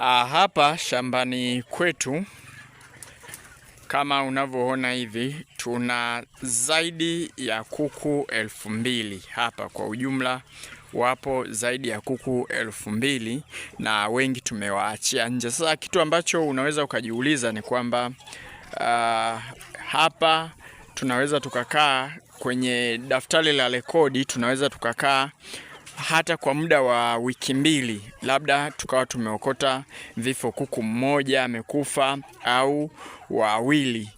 Ah, hapa shambani kwetu kama unavyoona hivi tuna zaidi ya kuku elfu mbili hapa kwa ujumla wapo zaidi ya kuku elfu mbili na wengi tumewaachia nje. Sasa kitu ambacho unaweza ukajiuliza ni kwamba uh, hapa tunaweza tukakaa kwenye daftari la rekodi, tunaweza tukakaa hata kwa muda wa wiki mbili, labda tukawa tumeokota vifo, kuku mmoja amekufa au wawili.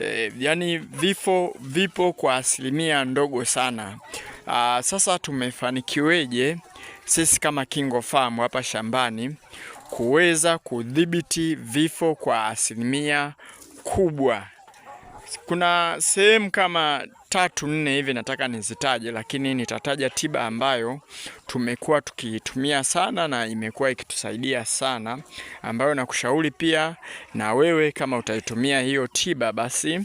E, yani vifo vipo kwa asilimia ndogo sana. Aa, sasa tumefanikiweje sisi kama Kingo Farm hapa shambani kuweza kudhibiti vifo kwa asilimia kubwa? Kuna sehemu kama tatu nne hivi nataka nizitaje, lakini nitataja tiba ambayo tumekuwa tukiitumia sana na imekuwa ikitusaidia sana, ambayo nakushauri pia na wewe kama utaitumia hiyo tiba, basi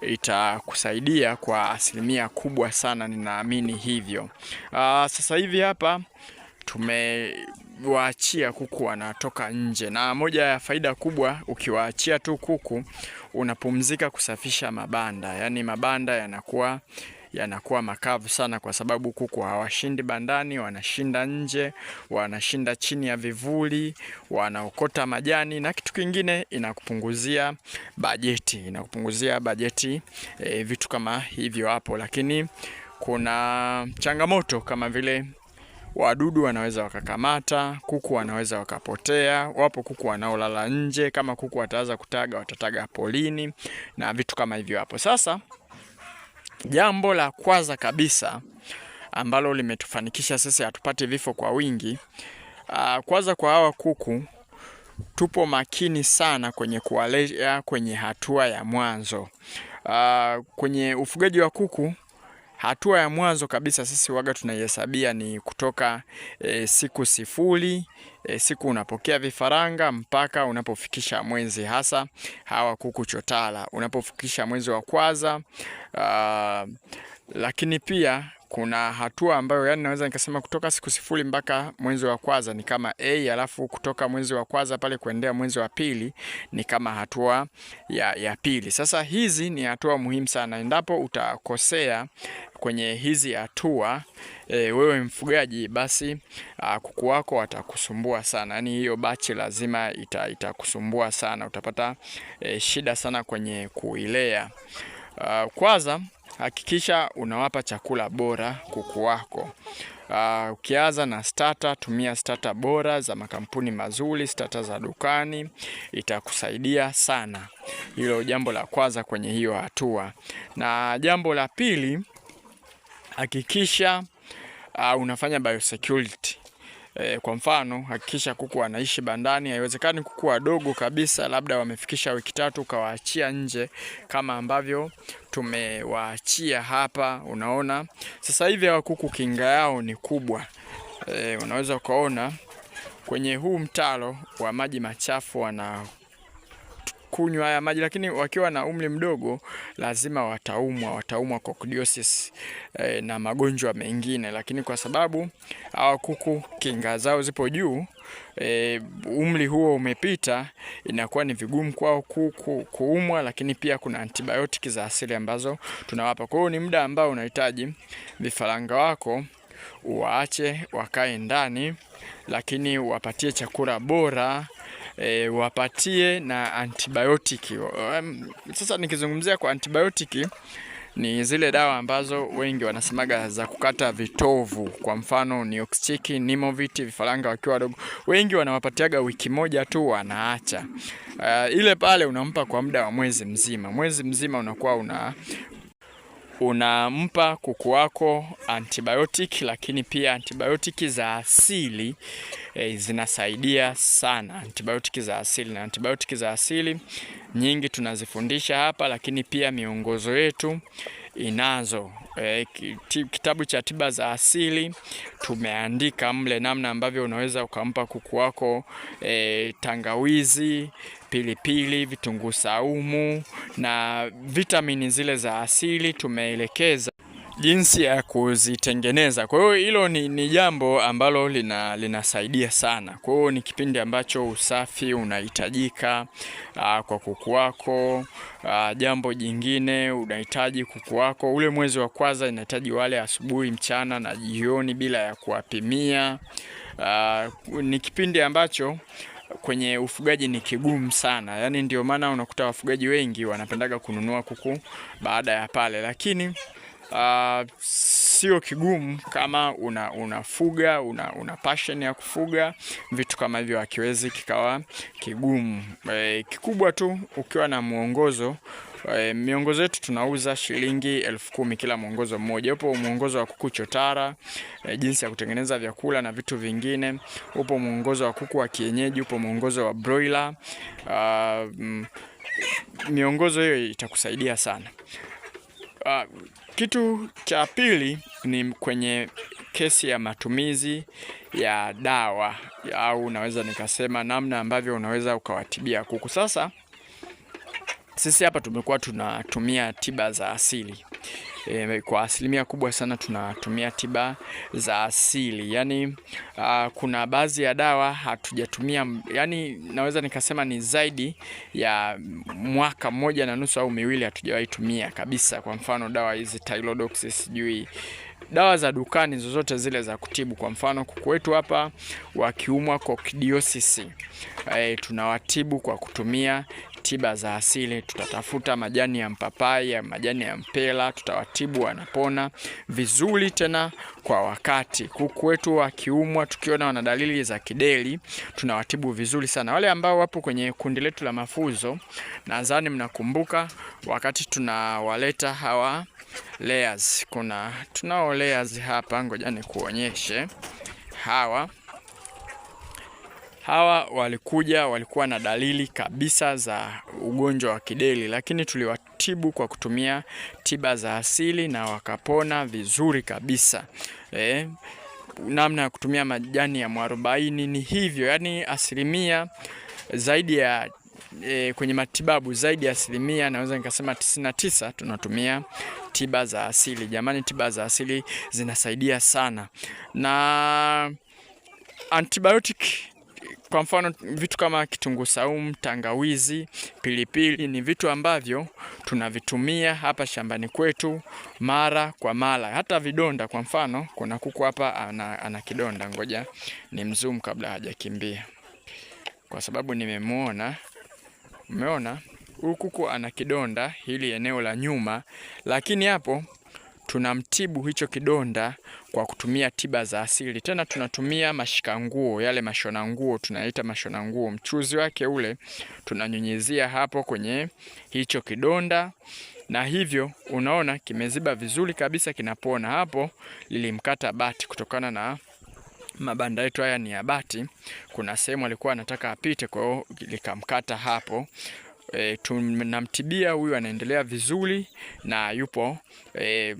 itakusaidia kwa asilimia kubwa sana, ninaamini hivyo. Aa, ah, sasa hivi hapa tume waachia kuku wanatoka nje, na moja ya faida kubwa, ukiwaachia tu kuku unapumzika kusafisha mabanda, yaani mabanda yanakuwa yanakuwa makavu sana, kwa sababu kuku hawashindi bandani, wanashinda nje, wanashinda chini ya vivuli, wanaokota majani. Na kitu kingine inakupunguzia bajeti, inakupunguzia bajeti e, vitu kama hivyo hapo, lakini kuna changamoto kama vile wadudu wanaweza wakakamata, kuku wanaweza wakapotea. Wapo kuku wanaolala nje, kama kuku wataanza kutaga watataga polini na vitu kama hivyo hapo. Sasa jambo la kwanza kabisa ambalo limetufanikisha sisi hatupate vifo kwa wingi, ah, kwanza kwa hawa kuku tupo makini sana kwenye kuwalea kwenye hatua ya mwanzo. Ah, kwenye ufugaji wa kuku Hatua ya mwanzo kabisa sisi waga tunaihesabia ni kutoka e, siku sifuri e, siku unapokea vifaranga mpaka unapofikisha mwezi, hasa hawa kuku chotara unapofikisha mwezi wa kwanza. Ah, lakini pia kuna hatua ambayo yani naweza nikasema kutoka siku sifuri mpaka mwezi wa kwanza ni kama A, alafu kutoka mwezi wa kwanza pale kuendea mwezi wa pili ni kama hatua ya, ya pili. Sasa hizi ni hatua muhimu sana, endapo utakosea kwenye hizi hatua e, wewe mfugaji, basi a, kuku wako watakusumbua sana, yaani hiyo bachi lazima itakusumbua ita sana, utapata e, shida sana kwenye kuilea. Kwanza hakikisha unawapa chakula bora kuku wako. Uh, ukianza na starter, tumia starter bora za makampuni mazuri, starter za dukani, itakusaidia sana. Hilo jambo la kwanza kwenye hiyo hatua, na jambo la pili hakikisha uh, unafanya biosecurity E, kwa mfano hakikisha kuku wanaishi bandani. Haiwezekani kuku wadogo kabisa labda wamefikisha wiki tatu ukawaachia nje kama ambavyo tumewaachia hapa. Unaona sasa hivi hawa kuku kinga yao ni kubwa e, unaweza ukaona kwenye huu mtaro wa maji machafu wana kunywa haya maji, lakini wakiwa na umri mdogo lazima wataumwa, wataumwa kokidiosis eh, na magonjwa mengine, lakini kwa sababu hawa kuku kinga zao zipo juu E, umri huo umepita, inakuwa ni vigumu kwao ku, ku, kuumwa, lakini pia kuna antibiotic za asili ambazo tunawapa. Kwa hiyo ni muda ambao unahitaji vifaranga wako uwaache wakae ndani, lakini wapatie chakula bora e, wapatie na antibiotic. sasa nikizungumzia kwa antibiotic ni zile dawa ambazo wengi wanasemaga za kukata vitovu, kwa mfano Nioxiciki, Nimovit, vifaranga wakiwa wadogo wengi wanawapatiaga wiki moja tu wanaacha. Uh, ile pale unampa kwa muda wa mwezi mzima, mwezi mzima unakuwa una unampa kuku wako antibiotic, lakini pia antibiotic za asili e, zinasaidia sana antibiotic za asili, na antibiotic za asili nyingi tunazifundisha hapa, lakini pia miongozo yetu inazo e, kitabu cha tiba za asili tumeandika mle namna ambavyo unaweza ukampa kuku wako e, tangawizi pilipili, vitunguu saumu na vitamini zile za asili tumeelekeza jinsi ya kuzitengeneza. Kwa hiyo hilo ni, ni jambo ambalo lina, linasaidia sana. Kwa hiyo ni kipindi ambacho usafi unahitajika ah, kwa kuku wako. Ah, jambo jingine unahitaji kuku wako, ule mwezi wa kwanza inahitaji wale asubuhi, mchana na jioni bila ya kuwapimia. Ah, ni kipindi ambacho kwenye ufugaji ni kigumu sana, yaani ndio maana unakuta wafugaji wengi wanapendaga kununua kuku baada ya pale, lakini uh, sio kigumu kama una, unafuga una, una passion ya kufuga vitu kama hivyo, hakiwezi kikawa kigumu e, kikubwa tu ukiwa na mwongozo e, miongozo yetu tunauza shilingi elfu kumi kila mwongozo mmoja. Upo mwongozo wa kuku chotara e, jinsi ya kutengeneza vyakula na vitu vingine. Upo mwongozo wa kuku wa kienyeji, upo mwongozo wa broiler uh, miongozo hiyo itakusaidia sana uh, kitu cha pili ni kwenye kesi ya matumizi ya dawa au unaweza nikasema namna ambavyo unaweza ukawatibia kuku. Sasa sisi hapa tumekuwa tunatumia tiba za asili e, kwa asilimia kubwa sana tunatumia tiba za asili yani, a, ah, kuna baadhi ya dawa hatujatumia, yani naweza nikasema ni zaidi ya mwaka mmoja na nusu au miwili hatujawahi tumia kabisa. Kwa mfano dawa hizi Tylodox, sijui dawa za dukani zozote zile za kutibu. Kwa mfano kuku wetu hapa wakiumwa kokidiosis, e, eh, tunawatibu kwa kutumia tiba za asili. Tutatafuta majani ya mpapai ya majani ya mpela, tutawatibu wanapona vizuri, tena kwa wakati. Kuku wetu wakiumwa, tukiona wana dalili za kideli tunawatibu vizuri sana. Wale ambao wapo kwenye kundi letu la mafunzo, nadhani mnakumbuka wakati tunawaleta hawa layers. Kuna tunao layers hapa, ngoja nikuonyeshe hawa Hawa walikuja walikuwa na dalili kabisa za ugonjwa wa kideli lakini tuliwatibu kwa kutumia tiba za asili na wakapona vizuri kabisa eh. Namna ya kutumia majani ya mwarobaini ni hivyo, yani asilimia zaidi ya E, kwenye matibabu zaidi ya asilimia naweza nikasema tisa tunatumia tiba za asili. Jamani, tiba za asili zinasaidia sana na antibiotic kwa mfano vitu kama kitunguu saumu, tangawizi, pilipili ni vitu ambavyo tunavitumia hapa shambani kwetu mara kwa mara. Hata vidonda, kwa mfano kuna kuku hapa ana, ana kidonda, ngoja ni mzoom kabla hajakimbia, kwa sababu nimemwona. Umeona, huyu kuku ana kidonda hili eneo la nyuma, lakini hapo tunamtibu hicho kidonda kwa kutumia tiba za asili. Tena tunatumia mashika nguo, yale mashona nguo, tunaita mashona nguo. Mchuzi wake ule tunanyunyizia hapo kwenye hicho kidonda, na hivyo unaona kimeziba vizuri kabisa, kinapona. Hapo lilimkata bati kutokana na mabanda yetu haya ni ya bati. Kuna sehemu alikuwa anataka apite, kwa hiyo likamkata hapo e, eh, tunamtibia huyu, anaendelea vizuri na yupo e,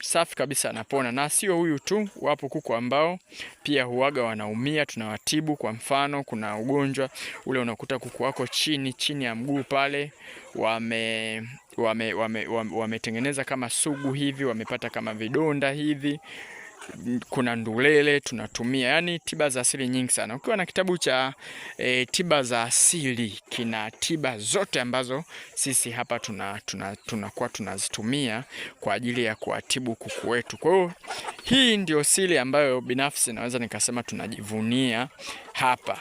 safi kabisa anapona. Na sio huyu tu, wapo kuku ambao pia huaga wanaumia, tunawatibu. Kwa mfano, kuna ugonjwa ule unakuta kuku wako chini chini ya mguu pale wame wametengeneza wame, wame, wame kama sugu hivi, wamepata kama vidonda hivi kuna ndulele tunatumia, yani tiba za asili nyingi sana. Ukiwa na kitabu cha e, tiba za asili kina tiba zote ambazo sisi hapa tunakuwa tuna, tuna, tuna tunazitumia kwa ajili ya kuwatibu kuku wetu. Kwa hiyo hii ndio siri ambayo binafsi naweza nikasema tunajivunia hapa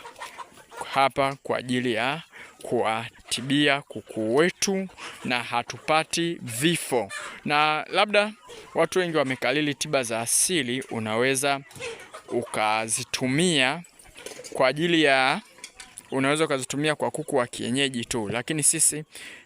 hapa kwa ajili ya kuwatibia kuku wetu na hatupati vifo. Na labda watu wengi wamekalili tiba za asili, unaweza ukazitumia kwa ajili ya unaweza ukazitumia kwa kuku wa kienyeji tu, lakini sisi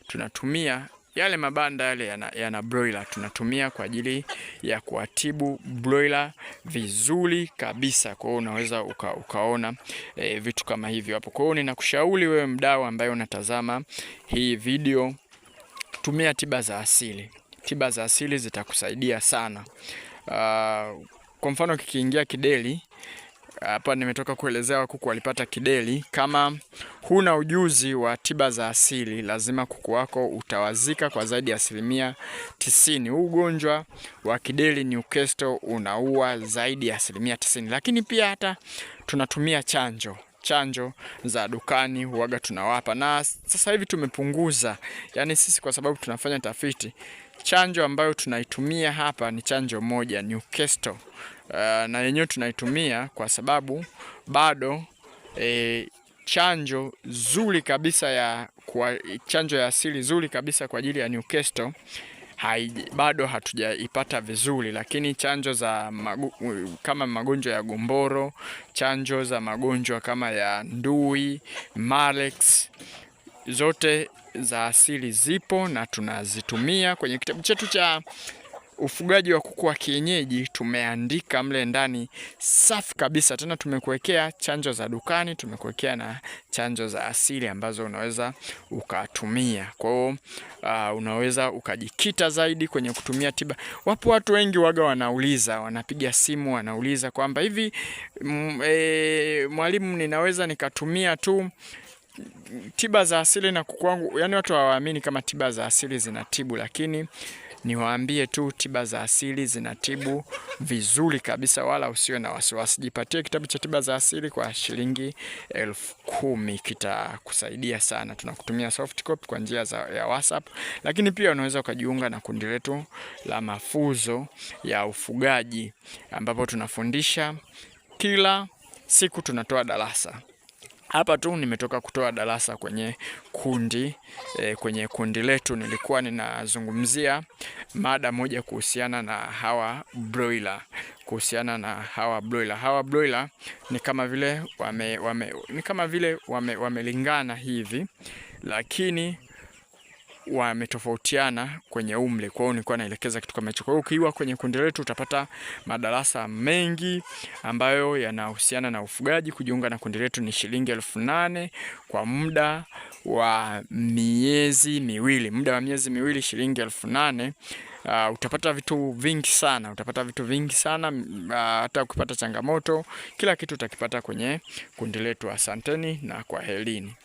tunatumia yale mabanda yale yana, yana broiler tunatumia kwa ajili ya kuatibu broiler vizuri kabisa. Kwa hiyo unaweza uka, ukaona e, vitu kama hivyo hapo. Kwa hiyo ninakushauri wewe mdau ambaye unatazama hii video, tumia tiba za asili. Tiba za asili zitakusaidia sana. Uh, kwa mfano kikiingia kideli hapa nimetoka kuelezea kuku walipata kideli Kama huna ujuzi wa tiba za asili, lazima kuku wako utawazika kwa zaidi ya asilimia tisini. Huu ugonjwa wa ni Newcastle unaua zaidi ya asilimia tisini, lakini pia hata tunatumia chanjo chanjo za dukani huaga tunawapa, na sasa hivi tumepunguza, yaani sisi kwa sababu tunafanya tafiti Chanjo ambayo tunaitumia hapa ni chanjo moja Newcastle. Uh, na yenyewe tunaitumia kwa sababu bado e, chanjo zuri kabisa ya kwa, chanjo ya asili zuri kabisa kwa ajili ya Newcastle bado hatujaipata vizuri, lakini chanjo za magu, kama magonjwa ya gomboro, chanjo za magonjwa kama ya ndui, Marex zote za asili zipo na tunazitumia. Kwenye kitabu chetu cha ufugaji wa kuku wa kienyeji tumeandika mle ndani safi kabisa, tena tumekuwekea chanjo za dukani, tumekuwekea na chanjo za asili ambazo unaweza ukatumia. Kwa hiyo uh, unaweza ukajikita zaidi kwenye kutumia tiba. Wapo watu wengi waga wanauliza, wanapiga simu wanauliza kwamba hivi, e, mwalimu, ninaweza nikatumia tu tiba za asili na kuku wangu, yani watu hawaamini kama tiba za asili zinatibu, lakini niwaambie tu tiba za asili zinatibu vizuri kabisa, wala usiwe na wasiwasi. Jipatie kitabu cha tiba za asili kwa shilingi elfu kumi kitakusaidia sana. Tunakutumia soft copy kwa njia za, ya WhatsApp, lakini pia unaweza ukajiunga na kundi letu la mafuzo ya ufugaji ambapo tunafundisha kila siku, tunatoa darasa hapa tu nimetoka kutoa darasa kwenye kundi e, kwenye kundi letu nilikuwa ninazungumzia mada moja kuhusiana na hawa broiler kuhusiana na hawa broiler. Hawa broiler ni kama vile wame, wame, ni kama vile wamelingana wame hivi, lakini wametofautiana kwenye umri, kwa hiyo nilikuwa naelekeza kitu kama hicho. Kwa hiyo ukiwa kwenye kundi letu utapata madarasa mengi ambayo yanahusiana na ufugaji. Kujiunga na kundi letu ni shilingi elfu nane kwa muda wa miezi miwili. Muda wa miezi miwili shilingi elfu nane. Uh, utapata vitu vingi sana, utapata vitu vingi sana mm, hata ukipata changamoto, kila kitu utakipata kwenye kundi letu. Asanteni na kwaherini.